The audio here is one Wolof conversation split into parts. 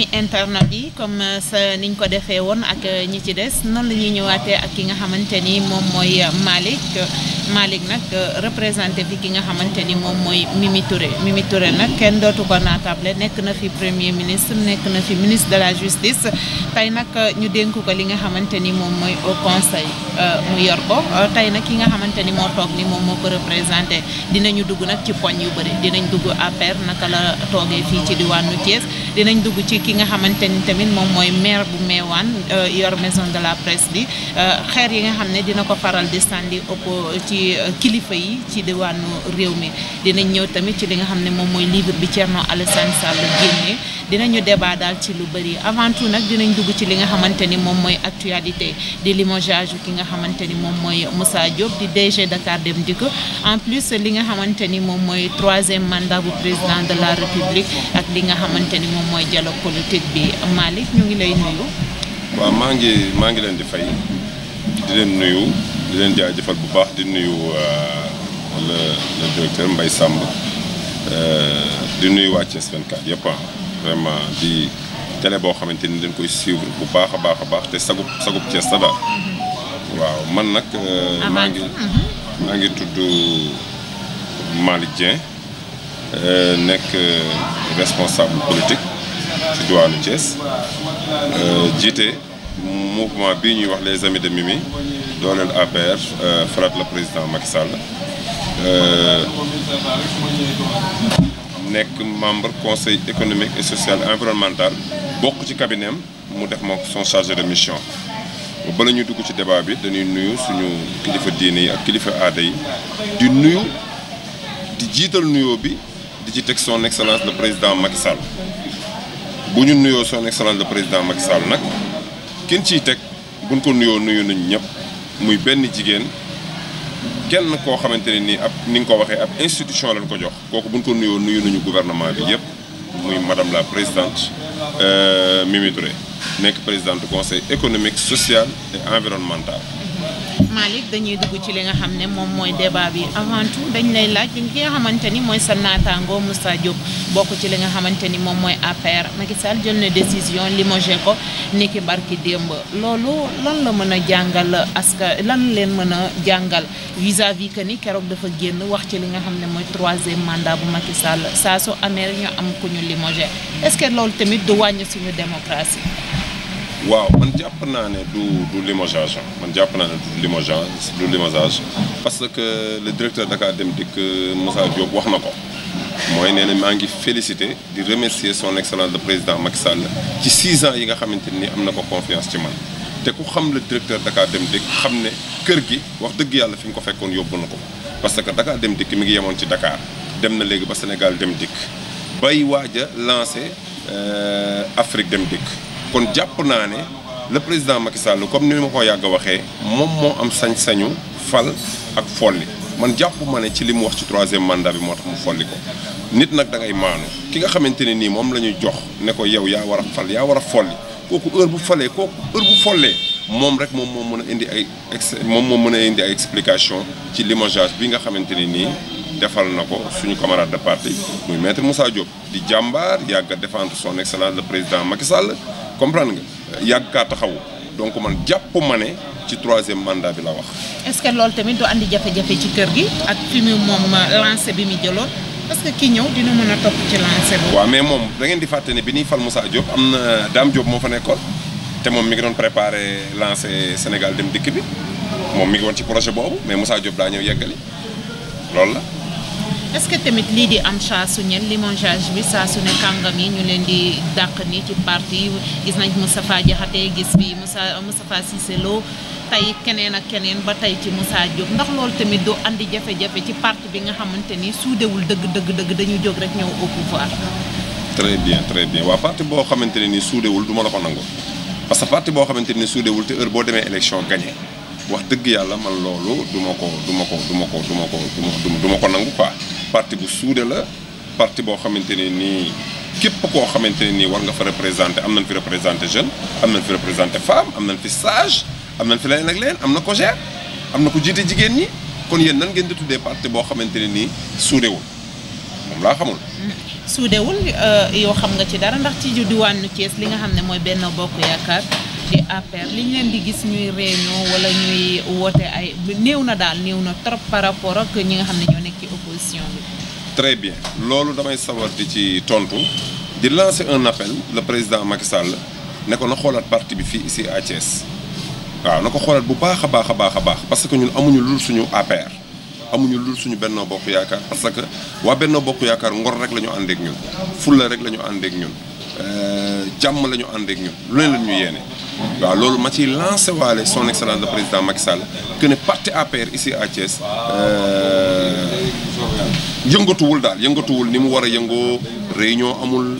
ami internet yi comme euh, sa niñ ko defee woon ak euh, ñi ci des noonu la ñuy ñëwaatee ak ki nga xamante ni moom mooy euh, Malick Malick nag euh, représenté fi ki nga xamante ni moom mooy Mimi Touré Mimi Touré nag kenn dootu ko naatable nekk na fi premier ministre nekk na fi ministre de la justice tey nag euh, ñu dénk ko li nga xamante ni moom mooy au conseil euh, mu yor ko tey nag ki nga xamante ni moo toog ni moom moo ko représenté ñu dugg nag ci poñ yu bëri dinañ dugg APR naka la toogee fii ci diwaan diwaanu Thiès dinañ dugg ci ki nga xamante ni tamit moom mooy maire bu waan yor maison de la presse bi xeer yi nga xam ne dina ko faral di ci kilifa yi ci diwaanu réew mi dinañ ñëw tamit ci li nga xam ne moom mooy livre bi Thierno Alassane Sall génne dinañu débat daal ci lu bëri avant tout nag dinañ dugg ci li nga xamante ni moom mooy actualité di limogeage ki nga xamante ni moom mooy Moussa Diop di DG Dakar Dem Dikk en plus li nga xamante ni moom mooy troisième mandat bu président de la République ak li nga xamante ni moom mooy dialogue politique bi Malick ñu ngi lay nuyu. waaw maa ngi maa ngi leen di fay di leen nuyu. di leen jëfal bu baax di nuyu euh, le le directeur Mbaye Samb euh, di nuyu waa Thiès 24 yëpp ah, vraiment di télé boo xamante ni dañ koy suivre bu baax a baax a baax te sagub sagub Thiès la daal waaw man nag euh, maa ngi mhm. maa ngi tudd Malick Dieng nekk responsable politique ci diwaanu Thiès jiite mouvement bii ñuy wax les amis de Mimi dooleel APR euh, falaat la président Macky Sall euh, nekk membre conseil économique et social environnemental bokk ci cabinet mu def moo son chargé de mission bala ñuy dugg ci débat bi dañuy nuyu suñu kilifa diine yi ak kilifa aada yi di nuyu di jiital nuyo bi di ci teg son excellence le président Macky Sall bu ñu nuyoo son excellence le président Macky Sall nag kin ciy teg buñ ko nuyoo nuyu nañ ñëpp muy benn jigéen kenn koo xamante ne nii ab ni nga ko waxee ab institution lañ ko jox kooku buñ ko nuyoo nuyu nañu gouvernement bi yëpp muy madame la présidente euh, Mimi Touré nekk présidente du conseil économique social et environnemental Malick dañuy dugg ci li nga xam ne moom mooy débat bi avant tout dañ lay laaj li nga xamante ni mooy sa naataango Moussa Diop bokk ci li nga xamante ni moom mooy APR Macky Sall jël na décision limogé ko niki barki démb loolu lan la mën a jàngal aska lan leen mën a jàngal vis-à-vis que ni keroog dafa génn wax ci li nga xam ne mooy troisième mandat bu Macky Sall saa su amee ñu am ku ñu limogé est-ce que loolu tamit du wàññi suñu démocratie. waaw man jàpp naa ne du du man jàpp naa ne du limogeage du limogeage parce que le directeur Dakar Dem Dikk Moussa Diop wax na ko mooy nee na maa ngi félicité di remercier son excellence le président Macky Sall ci six ans yi nga xamante ni am na ko confiance ci man te ku xam le directeur Dakar Dem Dikk xam ne kër gi wax dëgg yàlla fi mu ko fekkoon yóbbu na ko parce que Dakar Dem Dikk mi ngi yemoon ci Dakar dem na léegi ba Sénégal Dem Dikk bay waaj a lancé euh, Afrique Dem Dikk kon jàpp naa ne le président Macky Sall comme ni ma ko yàgg waxee moom moo am sañ-sañu fal ak folli man jàpp ma ne ci li mu wax ci troisième mandat bi moo tax mu folli ko nit nag dangay ngay maanu ki nga xamante ne nii moom la ñu jox ne ko yow yaa wara fal yaa war a folli kooku heure bu falee kooku heure bu follee moom rek moom moo mën a indi ay ex moom moo mën a indi explication ci limogeage bi nga xamante ne nii defal na ko suñu camarade de parti muy maître Moussa Diop di jàmbaar yàgg a défendre son excellence le président Macky Sall comprendre nga yàgg kaa taxaw donc man jàpp ma ne ci troisième mandat bi la wax. est-ce que loolu tamit du andi jafe-jafe ci kër gi ak fi mu moom euh, lancé bi mu jëloon parce que ki ñëw dina mën a topp ci lancé bi. waaw mais moom da ngeen di fàtte ne bi ñuy fal Moussa Diop am na euh, Dame Diop moo fa nekkoon te moom mi ngi doon préparé lancé Sénégal dem dikk bi moom mi ngi woon ci projet boobu mais Moussa Diop daa ñëw yeggali loolu la. est-ce que tamit lii di am saa su ñen limogeage bi saa ne kàngam yi ñu leen di dàq nii ci parti gis nañ Moustapha Diakhaté gis bi Moussa Moustapha Cissé Lo tey keneen ak keneen ba tey ci Moussa Diop ndax loolu tamit doo andi jafe-jafe ci parti bi nga xamante ni suudewul dëgg dëgg dëgg dañu jóg rek ñëw au pouvoir. très bien très bien waa parti boo xamante ne ni suudewul du ma la ko nangu parce que parti boo xamante ne ni suudewul te heure boo demee élection gagné. wax dëgg yàlla man loolu du ko du ko du ma ko du ko du ko nangu quoi parti bu suude la parti boo xamante ne nii képp koo xamante ne nii war nga fa représenté am nañ fi représenté jeune am nañ fi représenté femme am nañ fi sage am nañ fi leneen ak leneen am na ko gère am na ko jiite jigéen ñi kon yéen nan ngeen di tuddee parti boo xamante ne nii suudewul moom laa xamul. suudewul euh, yow xam nga ci dara ndax ci diwaanu Thiès li nga xam ne mooy benn bokk yaakaar. di APR li ñu leen di gis ñuy réunion wala ñuy woote ay néew na daal néew na trop par rapport ak ñi nga xam proposition bi. loolu damay sawar di ci tontu di lancer un appel le président Macky Sall ne ko na xoolaat parti bi fii ici à waaw na ko xoolaat bu baax a baax a baax a baax parce que ñun amuñu lul suñu APR. amuñu lul suñu bennoo bokk yaakaar parce que waa bennoo bokk yaakaar ngor rek la ñu àndeek ñun fulla rek la ñu àndeek ñun euh, jàmm la ñu àndeek ñun lu ne la ñu yéene waaw loolu ma ciy lancé waale son excellence le président Macky Sall que ne parti APR ici à euh, yëngatuwul daal yëngatuwul ni mu war a yëngoo réunion amul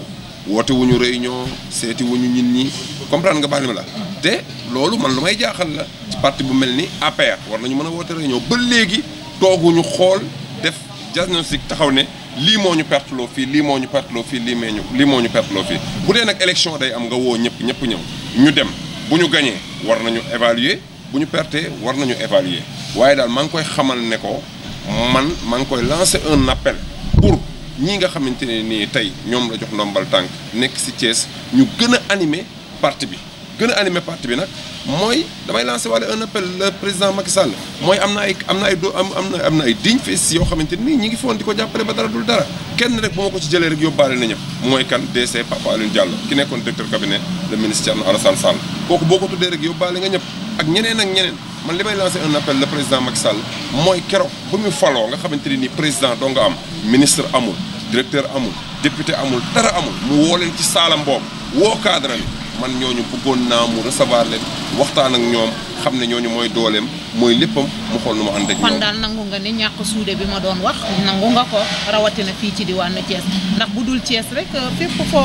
woote wuñu réunion seeti wuñu nit ñi comprendre nga baax li ma la te loolu man lu may jaaxal la ci parti bu mel ni APR war nañu mën a woote réunion ba léegi ñu xool def diagnostic taxaw ne lii moo ñu perteloo fii lii moo ñu perteloo fii lii meeñu lii moo ñu perteloo fii bu dee nag élection day am nga woo ñëpp ñëpp ñëw ñu dem bu ñu gañee war nañu évaluer bu ñu perte war nañu évaluer waaye daal maa ngi koy xamal ne ko man maa ngi koy lancer un appel pour ñi nga xamante ne nii tey ñoom la jox nombal tànk nekk ci cees ñu gën a animer parti bi gën a animer parti bi nag mooy damay lancer walla un appel le président Macky Sall mooy am na ay am na ay do am am na am na ay dignes fils yoo xamante ni ñi ngi foon di ko jàppale ba dara dul dara kenn rek bu ma ko ci jëlee rek yóbbaale na ñëpp mooy kan DC Papa Alioune ki nekkoon directeur cabinet le ministre Thierno Alassane Sall kooku boo ko tuddee rek yóbbaale nga ñëpp ak ñeneen man li may lancer un appel le président Macky Sall mooy keroog ba mu faloo nga xamante ne nii président doo nga am ministre amul directeur amul député amul dara amul mu woo leen ci saalam boobu woo cadre bi man ñooñu bëggoon naa mu recevoir leen waxtaan ak ñoom xam ne ñooñu mooy dooleem mooy léppam mu xool nu ma ànd ak ñoom. kon nga ni ñàkk suude bi ma doon wax nangu nga ko rawatina fii ci diwaanu Thiès ndax bu dul Thiès rek euh, fépp foo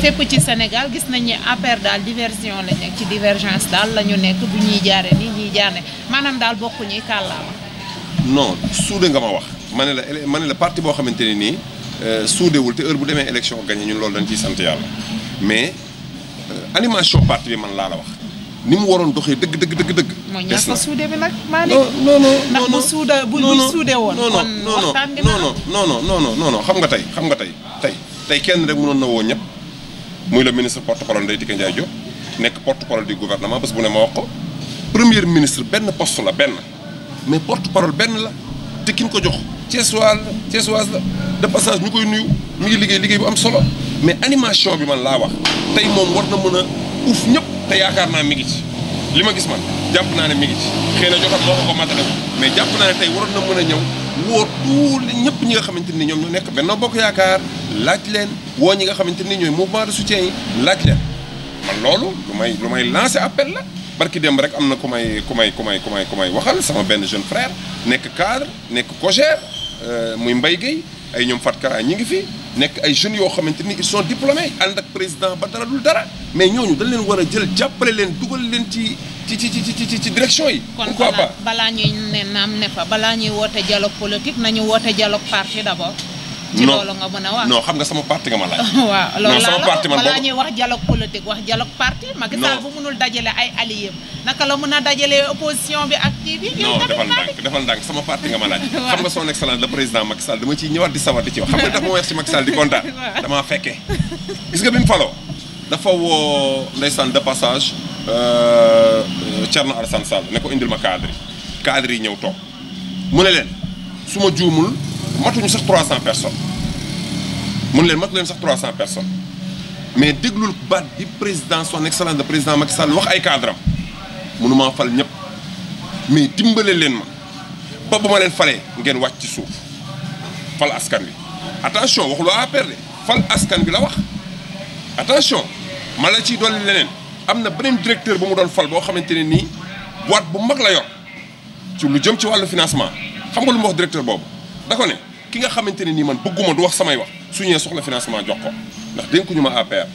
fépp ci Sénégal gis nañ ne affaire daal diversion la nekk ci divergence daal la ñu nekk ñuy jaare nii ñuy jaare maanaam daal bokkuñuy kàllaama. non suude nga ma wax ma ne la ma ne la parti boo xamante ne nii euh, suudewul te heure bu demee élection gagné ñun loolu dañ ciy sant yàlla mais. animation parti bi man laa la wax ni mu waroon doxee dëgg dëgg dëgg dëgg. des na mooy ñàkk a suude bi nag. ndax bu suuda bu buy suude woon. kon waxtaan dina non non non non non non xam nga tey xam nga tey tey tey kenn rek mënoon na woo ñëpp muy le ministre porte-parole Ndeye Tické Ndiaye Diop nekk porte-parole du gouvernement parce que bu ne ma wax ko premier ministre benn poste la benn mais porte-parole benn la te ki ko jox Thiessois la Thiessoise la de passage ñu koy nuyu mi ngi liggéey liggéey bu am solo. mais animation bi man laa wax tey moom war na mën a uuf ñëpp te yaakaar naa mi ngi ci li ma gis man jàpp naa ne mi ngi ci xëy na jotam moo ko ko matale mais jàpp naa ne tey war na mën a ñëw woo tuuli ñëpp ñi nga xamante ni ñoom ñoo nekk Benno Bokk Yaakaar laaj leen woo ñi nga xamante ni ñooy mouvement de soutien laaj man loolu lu may lu may lancé appel la barki dem rek am na ku may ku may ku may ku may ku may waxal sama benn jeune frère nekk cadre nekk cogère euh, muy mbay Guèye ay ñoom Fatkara ñi ngi fi nekk ay jeunes yoo xamante ni ils sont diplômés ànd ak président ba dara dul dara mais ñooñu dana leen war a jël jàppale leen dugal leen ci ci ci ci ci direction yi. kon pas kon balaa ñuy ne naam ne fa balaa ñuy woote dialogue politique nañu woote dialogue parti d'abord. ci loolu nga mën a wax non xam nga sama parti nga ma laaj. waaw loolu laa la balaa ñuy wax dialogue politique wax dialogue parti. non Macky Sall bu mënul dajale ay alliés naka la mën a dajale opposition bi ak kii bi. non defal ndànk defal ndànk sama parti nga ma laaj. xam nga son excellence le président Macky Sall dama ciy ñëwaat di sawar di ci wax. xam nga daf ma weesu si Macky Sall di kontaan. damaa fekkee gis nga bi mu faloo. dafa woo ndeysaan de passage euh, Thierno Alassane Sall ne ko indil ma cadre yi cadre yi ñëw toog mu ne leen su ma juumul. matuñu sax 300 personnes mun leen matu leen sax 300 personnes mais déglul baat bi président son excellence de président Macky Sall wax ay cadre am mënumaa fal ñëpp mais dimbalee leen ma ba bu ma leen falee ngeen wàcc ci suuf fal askan wi attention waxul waa APR fal askan bi la wax attention ma ci ciy leneen am na beneen directeur bu mu doon fal boo xamante ne nii boîte bu mag la yor ci lu jëm ci wàllu financement xam nga lu mu wax directeur boobu da ko ne ki nga xamante ne nii man bëgguma du wax samay wax su ñëwee soxla financement jox ko ndax dénkuñu ma APR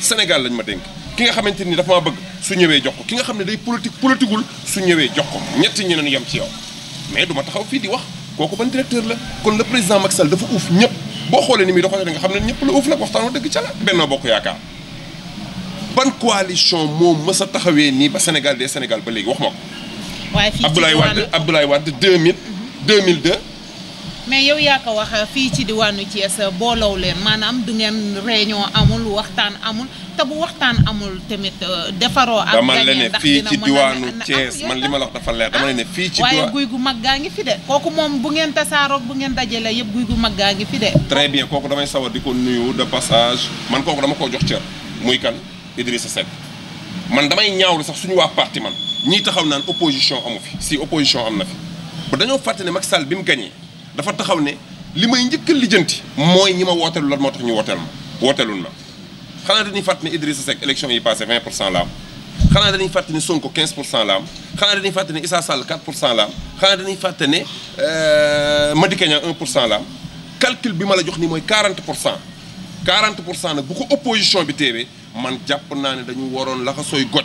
Sénégal lañ ma dénk ki nga xamante ni dafa ma bëgg su ñëwee jox ko ki nga xam ne day politique politiqueul su ñëwee jox ko ñetti ñeneen yem ci yow mais duma taxaw fii di wax kooku ban directeur la kon le président Macky Sall dafa uuf ñëpp boo xoolee ni muy doxalee nga xam ne ñëpp la uuf nag waxtaanoo dëgg ca la Benno Bokk Yaakaar ban coalition moo mës a taxawee nii ba Sénégal des Sénégal ba léegi wax ma ko Abdoulaye Wade Abdoulaye Wade 2000 2002 mhm. mais yow yaa ko wax fii ci diwaanu Thiès booloo leen maanaam du ngeen réunion amul waxtaan amul te bu waxtaan amul tamit euh, defaroo. ak dama la fii ci diwaanu ah, Thiès man li ma la wax dafa leer dama la ne fii ci. waaye guy gu mag gaa ngi fi de. kooku moom bu ngeen tasaaroog bu ngeen dajalee yëpp guy gu mag gaa ngi fi très bien kooku damay sawar di ko nuyu de passage man kooku dama koo jox ca muy kan Idrissa set man damay ñaawlu sax suñu waa parti man ñii taxaw naan opposition amu fi si opposition am na dañoo fàtte ne Macky bi mu gagné. dafa taxaw ne li may njëkk lijjanti mooy ñi ma wooteelu lan moo tax ñu wooteel ma wooteelul ma xanaa dañuy fàtt ne Idrissa Seck yi passé 20 pour cent la am xanaa dañuy fàtt ne Sonko 15 pour cent la am xanaa dañuy fàtt ne Issa Sall 4 pour cent la am xanaa dañuy fàtt ne euh, pour cent la am bi ma la jox nii mooy 40 pour cent 40 pour cent nag bu ko opposition bi téewee man jàpp naa ne dañu waroon laxa sooy goj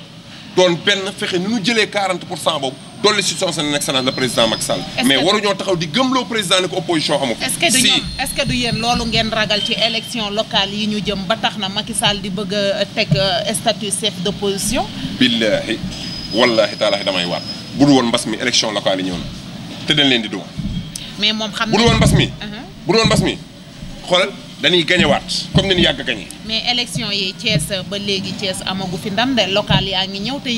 doon benn fexe ni ñu jëlee 40 pour cent boobu dolli si son seen excellence le président Macky Sall. mais waruñoo taxaw di gëmloo président ne ko opposition amul. si est du ñoom loolu ngeen ragal ci élection locale yi ñu jëm ba tax na Macky Sall di bëgg a teg euh, statut chef d' opposition. billaahi wallaahi taalaahi damay waat bu woon mbas mi élection locale yi ñëw na te dañ leen di duma. mais moom xam na bu woon mbas mi. Uh-huh. bu dul woon mbas mi xoolal. dañuy gañewaat comme ni ñu yàgg gañe mais élection yi Thiès ba léegi Thiès amagu fi ndande de yaa ngi ñëw te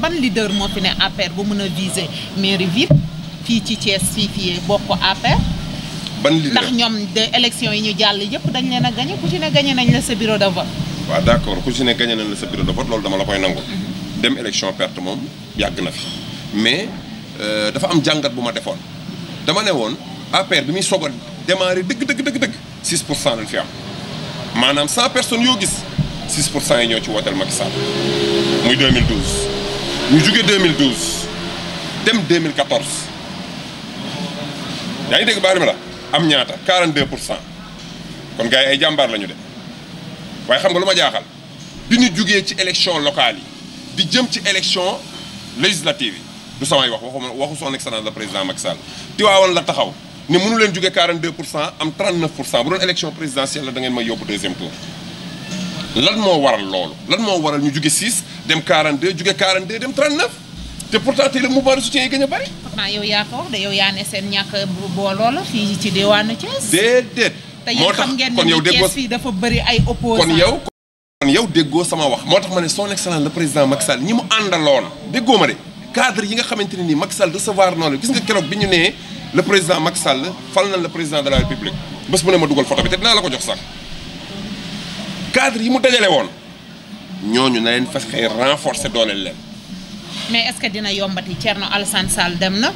ban leader moo fi ne APR bu mën a viser mairie ville fii ci Thiès fii fii bokk APR. ban leader ndax ñoom de élection yi ñu jàll yëpp dañ leen a gañe ku ci ne gañe nañ la sa bureau de vote. waaw d' accord ku ci ne gañe nañ la sa bureau de vote loolu dama la koy nangu. Mhm. dem élection perte moom yàgg na fi mais euh, dafa am jàngat bu ma defoon dama ne woon APR bi muy soog a démarrer dëgg dëgg dëgg dëgg. 6 pour cent lañ fi am maanaam 100 personnes yoo gis 6 pour cent yi ñoo ci wooteel Macky Sall muy 2012. ñu jugee 2012 dem 2014 yaa ngi dégg baari mi la am ñaata 42 pour cent kon gars yi ay jàmbaar la ñu de waaye xam nga lu ma jaaxal bi ñu jugee ci élection locale yi di jëm ci élection législative yi du samay wax waxu waxu son excellence la président Macky Sall tiwaawoon la taxaw. ne mënu leen jóge 42 pour cent am 39 pour cent bu doon élection présidentielle la da ngeen may deuxième tour lan moo waral loolu lan moo waral ñu jóge 6 dem 42 jóge 42 dem 39 te pourtant tey le mouvement de soutien yi gën a bëri. xanaa yow yaa ko wax de yow yaa ne seen ñàkk booloo la fii ci diwaanu Thiès. déedéet. moo tax kon yow déggoo fii dafa bëri ay opposants kon yow. kon yow déggoo sama wax moo tax ma ne son excellence président Macky Sall ñi mu àndaloon déggoo ma nga xamante ne nii Macky Sall recevoir noonu gis nga keroog bi ñu nee. le président mac sàll fal na le président de la république bés bu ne ma dugal photo bi te dinaa la ko jox sax cadre yi mu dajale woon ñooñu na leen fexe renforcer dooleel leen. mais est-ce que dina yombati Thierno Alassane Sall dem na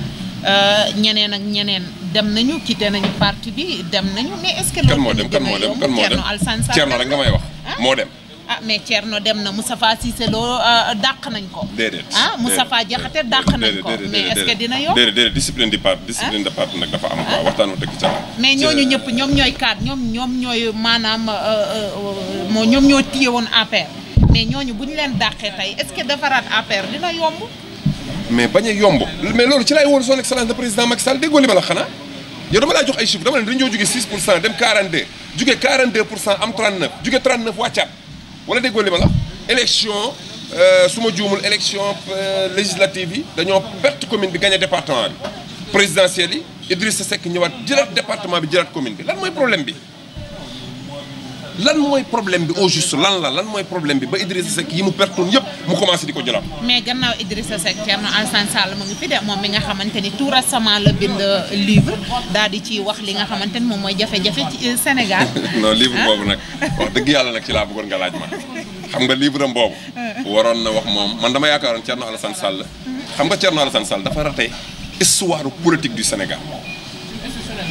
euh, ñeneen ak ñeneen dem nañu quitté nañu parti bi dem nañu mais est-ce que. kan moo dem kan moo dem kan moo dem Thierno Alassane rek nga may wax ah? moo dem. ah mais Thierno dem na Moustapha Cissé Lo euh, dàq nañ ko. déedéet ah Moustapha Diakhaté dàq nañ ko. mais est-ce que dina yokk déedéet déedéet discipline di part discipline ah. de part nag dafa am quoi waxtaan dëgg ca mais ñooñu ñëpp ñoom ñooy cadre ñoom ñoom ñooy maanaam euh, euh, moo ñoom ñoo téye woon APR mais ñooñu bu ñu leen dàqee tey est-ce que defaraat APR dina yomb. mais bañ a yomb mais loolu ci laay woon son excellence le président Macky Sall déggoo li ma la xanaa yow dama laa jox ay chiffres dama ne dañoo jóge 6 pour cent dem 42 jóge 42 pour cent am 39 jóge 39 wàccaat wala déggoo li ma la élection euh, su ma juumul élection euh, législative yi dañoo perte commune bi gagné département bi présidentielle yi Idrissa Seck ñëwaat jëlaat département bi jëlaat commune bi lan mooy problème bi lan mooy problème bi au juste lan la lan mooy problème bi ba Idrissa Seck yi mu pertoon yëpp mu commencé di ko jëlaat. mais gannaaw Idrissa Seck Thierno Alassane Sall mu ngi fi de moom mi nga xamante ni tout récemment di ci wax li nga xamante ni moom mooy jafe-jafe ci euh, Sénégal. non livre ah? boobu nag wax dëgg yàlla nag ci laa bëggoon nga laaj ma xam nga livre am boobu. waroon na wax moom man dama yaakaaroon Thierno Alassane Sall. xam nga Thierno Alassane Sall dafa rate histoire politique du Sénégal.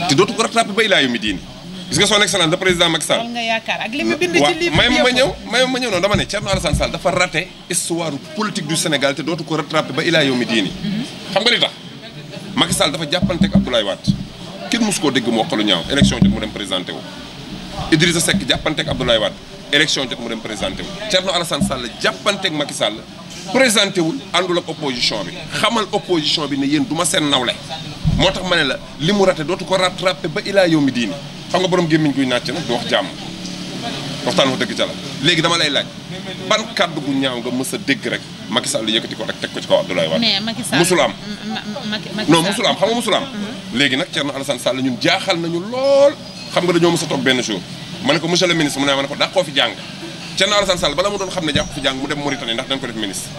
te dootu ko rattrapé ba ilaa yu mi diini gis nga son excellence le président Macky Sall. nga yaakaar ak li mu bind ci livre may ma ñëw may ma ñëw noonu dama ne Thierno Alassane Sall dafa raté histoire politique du Sénégal te dootu ko rattrapé ba ilaa yow mi diini. xam nga li tax Macky Sall dafa jàppanteeg Abdoulaye Wade kenn mosu koo dégg mu wax lu ñaaw élection jot mu dem présenté wu. Idrissa Seck jàppanteeg Abdoulaye Wade élection jot mu dem présenté wu Thierno Alassane présenté wul àndul ak bi xamal opposition bi ne yéen du ma seen nawle moo tax ma ne la li mu raté dootu ko rattrapé ba ilaa yow mi diini. xam nga boroom gémmiñ guy nàcc nag du wax jàmm waxtaan wax dëgg ca la léegi dama lay laaj ban kàddu gu ñaaw nga mës a dégg rek Macky Sall yëkkati ko rek teg ko ci kaw Abdoulaye Wade. mais Macky Sall musul am non musul am xam nga musul am. léegi nag Thierno Alassane Sall ñun jaaxal nañu lool xam nga dañoo mës a toog benn jour ma ne ko monsieur ma ne ko dàqoo fi jàng Thierno Alassane Sall bala mu doon xam ne jàqoo fi jàng mu dem Mauritanie ndax dañ ko def ministre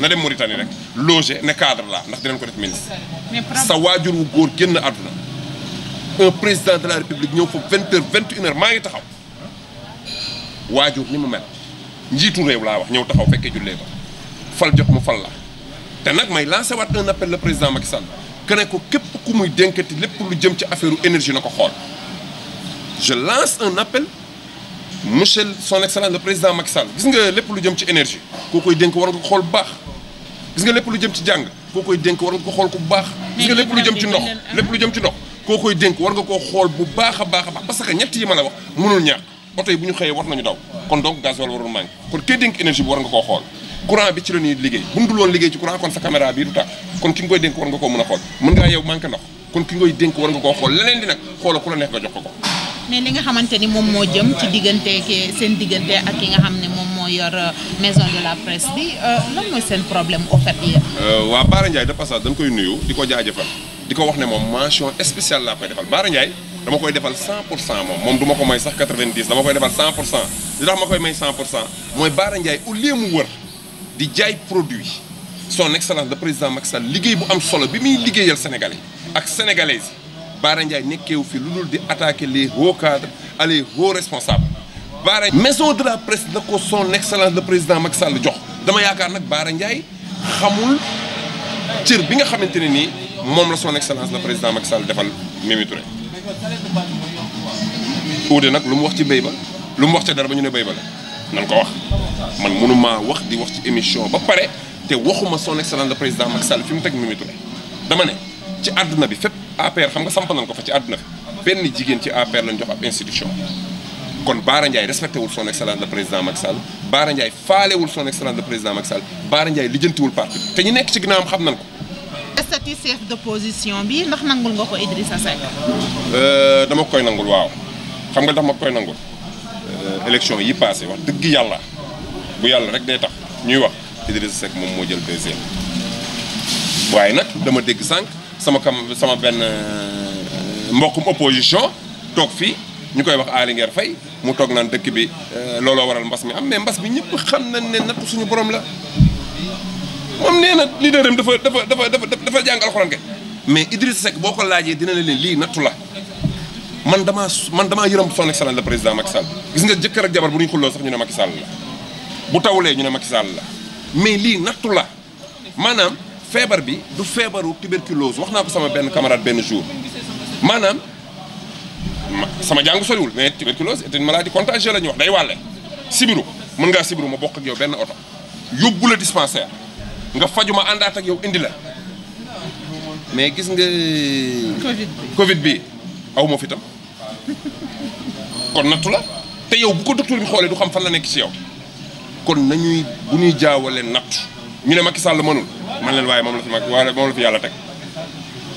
na dem Mauritanie rek logé ne cadre laa ndax dinañ ko def ministre sa waajur wu góor génn àdduna un président de la république ñëw fa vingt heures vingt une heure maa ngi taxaw waajur ni mu mel njiitu réew laa wax ñëw taxaw fekkee jullee ba fal jot mu fal la te nag may lancé waat un appel le président Macky Sall que ko képp ku muy dénkati lépp lu jëm ci affaire énergie na ko xool je lance un appel monsieur son excellence le président Macky Sall gis nga lépp lu jëm ci énergie koo koy dénk war nga ko xool bu baax gis nga lépp lu jëm ci jàng koo koy dénk war ko xool bu baax gis nga lu jëm ci ndox lépp lu jëm ci ndox koo koy war nga koo xool bu baax a baax a baax parce que ñett yi ma la wax mënul ñaax oto yi bu ñu xëyee war nañu daw kon donc gasoil warul manqué kon kii dénk énergie bi war nga koo xool courant bi ci la ñuy liggéey bu dul woon liggéey ci courant kon sa caméra bii du tax kon ki nga koy dénk war nga koo a xool mën ngaa yow manqué di nag xoola ku la neex nga jox ko mais li nga xamante ni moom moo jëm ci diggante ki seen diggante ak ki nga xam ne moom moo yor euh, maison de la presse bi euh, lan mooy seen problème au euh, dañ koy nuyu di ko jaajëfal di ko wax ne moom mention spéciale laa koy defal Baara Ndiaye dama koy defal 100 moom moom du ma ko may sax 90 dama koy defal 100 pour cent li tax ma koy may 100 pour cent mooy Baara Ndiaye au lieu mu wër di jaay produit son excellence le président Macky Sall liggéey bu am solo bi muy liggéeyal sénégalais ak sénégalaises Baara Ndiaye nekkeewu fi lu dul di attaquer les hauts cadres à les hauts responsables Baara maison de la presse na ko son excellence le président Macky Sall jox dama yaakaar nag Baara Ndiaye xamul cër bi nga xamante ne nii moom la son excellence le président Macky Sall defal Mimi Touré. uute nag lu mu wax ci béy ba lu mu wax ca dara ba ñu ne béy ba la nan ko wax man mënumaa wax di wax ci émission ba pare te waxuma son excellence le président Macky Sall fi mu teg Mimi Touré dama ne ci àdduna bi fépp APR xam nga samp ko fa ci àdduna bi benn jigéen ci APR lañ jox ab institution kon Baara Ndiaye respecté wul son excellence le président Macky Sall Baara faalewul son excellence président Macky Sall Baara Ndiaye lijjantiwul parti te nekk ci ginnaawam xam nañ ko statut chef d'opposition bi ndax nangul nga ko Idrissa Seck. Euh, dama koy nangul waaw xam nga tax ma koy nangul euh, élection yi passé wax dëgg yàlla bu yàlla rek day tax ñuy wax Idrissa Seck moom moo jël deuxième waaye nag dama dégg sànq sama kam sama benn euh, mbokkum opposition toog fii ñu koy wax Aly Nguer mu toog naan dëkk bi looloo waral mbas mi am mais mbas mi ñëpp xam nañ ne natt suñu boroom la moom na leader dafa dafa dafa dafa dafa jàng alxuraan mais Idrissa Seck boo ko laajee dina ne leen lii nattu la man damaa man damaa yërëm son excellence le président Macky Sall gis nga jëkkër ak jabar bu ñu xulloo sax bu tawulee ñu ne Macky Sall la mais lii nattu la maanaam feebar bi du feebaru tuberculose wax naa ko sama benn camarade benn jour maanaam sama jàngu soriwul mais tuberculose est une maladie contagieuse la ñuy wax day waale sibiru mën ngaa sibiru ma bokk ak yow benn oto yóbbu la dispensaire nga fajuma àndaat ak yow indi la mais gis nga. Covid bi Covid aw ma fi kon nattu la te yow bu ko docteur bi xoolee du xam fan la nekk ci yow kon nañuy bu ñuy jaawale nattu ñu ne Macky Sall mënul man leen waaye moom la fi Macky waaye moom yàlla teg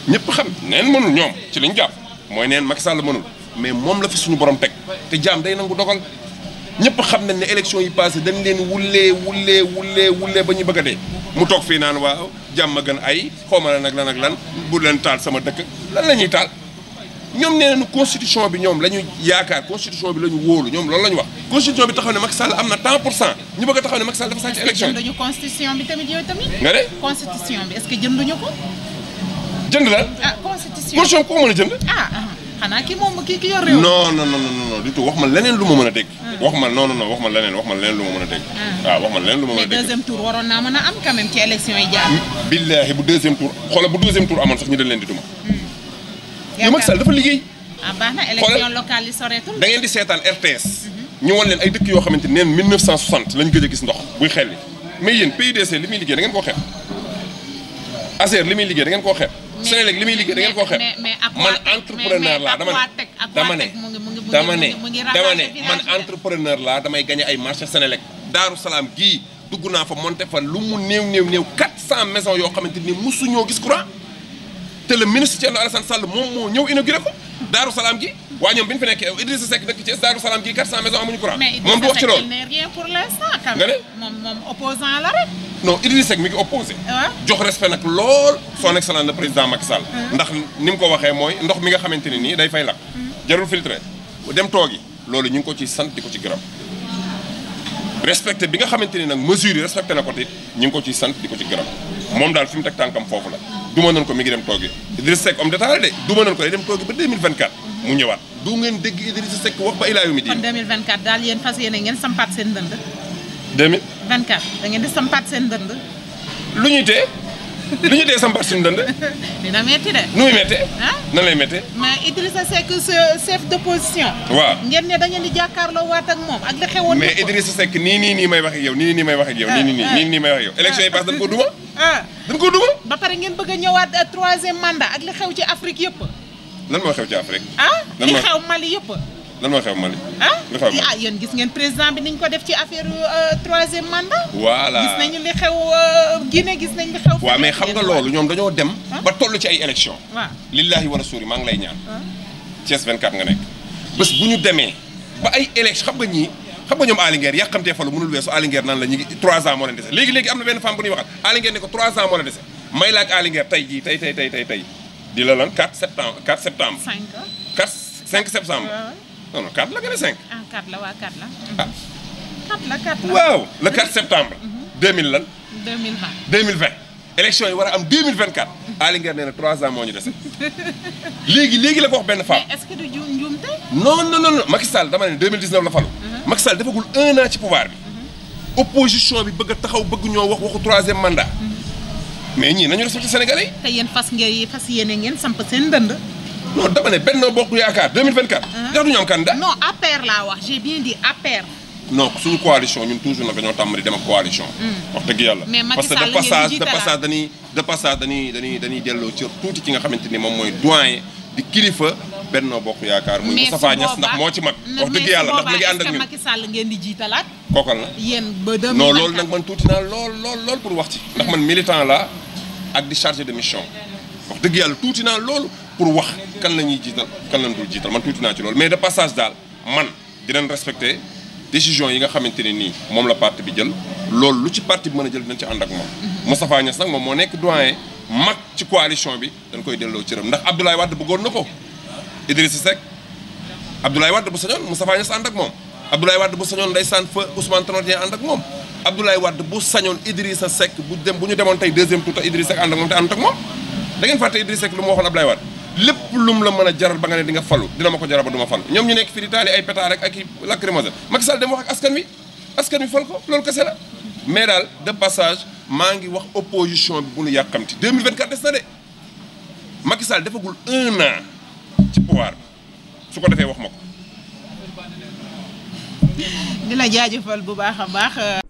ñëpp xam neen mënul ñoom ci liñ jàpp mooy neen Macky Sall mënul mais moom la fi suñu borom teg te jaam day nangu dogal ñëpp xam nañ ne élection yi passé dañ leen wulee wulee wulee ba ñuy bëgg a dee mu toog fii naan waaw jàmm gën ay xawma lan ak lan ak lan bu leen taal sama dëkk lan la taal ñoom nee nañu constitution bi ñoom la ñu yaakaar constitution bi la ñu wóolu ñoom loolu lañu ñu wax constitution bi taxaw ne Macky Sall am na tant pour cent ñu bëgg a taxaw ne Macky Sall dafa sàcc élection yi. jënduñu constitution bi tamit yow tamit. nga ne constitution bi est que jënduñu ko. jënd la ah constitution bi constitution bi ko mën a jënd. Ah, ah. xanaa ki moom ki ki yor réew. non non non non du tout wax ma leneen lu ma mën a dégg. Ah. wax ma non non non wax ma leneen wax ma leneen lu ma mën a dégg. waaw ah. ah, wax ma leneen lu ma mën a dégg mais deuxième tour waroon naa mën a am quand même ci élection yi jaar. Hmm. billaahi bu deuxième tour xoolal bu deuxième tour amoon sax ñu dañ leen di duma. yow hmm. Macky Sall dafa liggéey. ah baax na élection locale yi soreetul. da ngeen di seetaan RTS. Mhm. ñu wan leen ay dëkk yoo xamante neen 1960 lañ gëj a gis ndox buy xel mais yéen PUDC li muy liggéey da ngeen koo xeeb ASER li muy liggéey da ngeen koo xeeb Senelec li muy liggéey da ngeen koo xeeb man entrepreneur laa dama ne dama ne dama ne dama ne man entrepreneur laa damay gagné ay marché Senelec Daaru Salaam gii dugg naa fa monté fa lu mu néew néew néew 400 maisons yoo xamante ni mosuñoo gis courant te le ministre Thierno Alassane Sall moom moo ñëw inauguré ko Daaru Salaam gi waa ñoom bi ñu fi nekkee Idrissa Seck dëkk Thiès Daaru Salaam gi 400 maisons amuñu courant moom du wax ci loolu mais Idrissa Seck il n'est rien non Idriss Seck mi ngi opposé ah. jox respect nag lool son excellence le président Macky Sall. ndax ni mu ko waxee mooy ndox mi nga xamante ne nii day fay lakk. jarul filtré dem toogi loolu ñu ngi ko ci sant di ko ci gërëm. respecté bi nga xamante ni nag mesures yi na ko te ñu ngi ko ciy sant di ko ci gërëm moom daal fi mu teg tànkam foofu la duma nañ ko mi ngi dem toogi Idriss Seck homme de duma nañ ko day dem toogi ba mu ñëwaat du ngeen dégg Idriss Seck 2024 da ngeen di sampaat seen dënd. lu ñuy tee lu ñu tee sampaat suñu dënd. dina métti de. nu muy méttee. nan lay méttee. mais Idrissa Seck chef d' opposition. waaw ngeen ne da ngeen di jàkkaarloo waat ak moom ak li xewoon. mais Idrissa Seck nii nii nii may wax yow nii nii may wax ak yow. nii nii nii eh, nii may wax ak yow. Eh, élection yi pass dañ ko duma. Eh, dañ ko duma. ba pare ngeen bëgg a ñëwaat troisième mandat ak li xew ci Afrique yëpp. lan moo xew ci Afrique. Ah? lan moo xew Mali. Ah? lu xew ah yéen gis ngeen président bi niñ ko def ci affaire euh, troisième mandat. voilà gis nañu li xew euh, Guinée gis nañ mais xam nga loolu ñoom dañoo dem. Ah? ba toll ci ay élection waaw lillahi wa rasuuli maa ngi lay ñaan. Ah? Thiès 24 nga nekk. bés bu ñu demee ba ay élection xam nga ñii xam nga ñoom Alinguer yàqamtee falu mënul weesu Alinguer naan la ñu ngi 3 ans moo leen dese léegi léegi am na benn femme bu ñuy waxal Alinguer ne ko 3 ans moo leen dese may laaj Alinguer tey jii tey tey la lan non non la gën a 5. ah 4 la waaw 4 la. ah 4 mm-hmm. la 4 la waaw le 4 mm-hmm. septembre. 2000 mm-hmm. lan. 2020 2020. élection yi war a am 2024. Aly Nguer nee na 3 ans moo ñu dese. léegi léegi la ko wax benn femme. mais est-ce que du njuumte. non non non Macky Sall dama ne 2019 la falu. Macky Sall defagul un an ci pouvoir bi. opposition bi bëgg taxaw bëgg ñoo wax waxu troisième mandat. mais ñii nañu respecté Sénégalais yi. te yéen fas ngeen fas yéene ngeen samp seen dënd. non dama ne Benno Bokk Yaakaar 2024. ndax du ñu am candidat. non APR laa wax j'ai bien dit APR. non suñu coalition ñun toujours nag dañoo tàmm di dem ak coalition. Hmm. wax dëgg yàlla. parce de passage de passage dañuy de passage dañuy delloo ci nga xamante ni moom mooy doyen di kilifa Benno Bokk Yaakaar. muy Moustapha Niass ndax moo ci mag. wax dëgg yàlla ndax mi ngi ànd ak ngeen di jiitalaat. kookal la yéen ba deux loolu nag man tuuti naa lool lool lool pour wax ci. ndax man militant la ak di chargé de mission. dëgg yàlla tuuti naa loolu pour wax kan la ñuy jiital kan lañ jiital man tuuti naa ci loolu mais de passage daal man dinañ respecter décision yi nga xamante ne nii moom la parti bi jël loolu lu ci parti bi mën a jël dinañ ci ànd ak moom. Moustapha Niass nag moom moo nekk doyen mag ci coalition bi dañ koy delloo cëram ndax Abdoulaye Wade bëggoon na ko Idrissa Seck Abdoulaye Wade bu sañoon Moustapha Niass ànd ak moom Abdoulaye Wade bu sañoon ndeysaan fa Ousmane Tanor Dieng ànd ak moom. Abdoulaye Wade bu sañoon sa Seck bu dem bu ñu demoon tey deuxième tour te Idrissa Seck ànd ak moom te ànd ak moom da ngeen lépp lum la mën a jaral ba nga ne di nga falu dina ma ko jaral ba du ma falu ñoom ñu nekk fi di ay pétard rek ak i lacrymogène Macky Sall dem wax ak askan wi askan wi fal ko loolu kese la mais daal de passage maa ngi wax opposition bi bu nu yàqamti 2024 des na de Macky Sall defagul un an ci pouvoir bi su ko defee wax ma ko. di la jaajëfal a euh,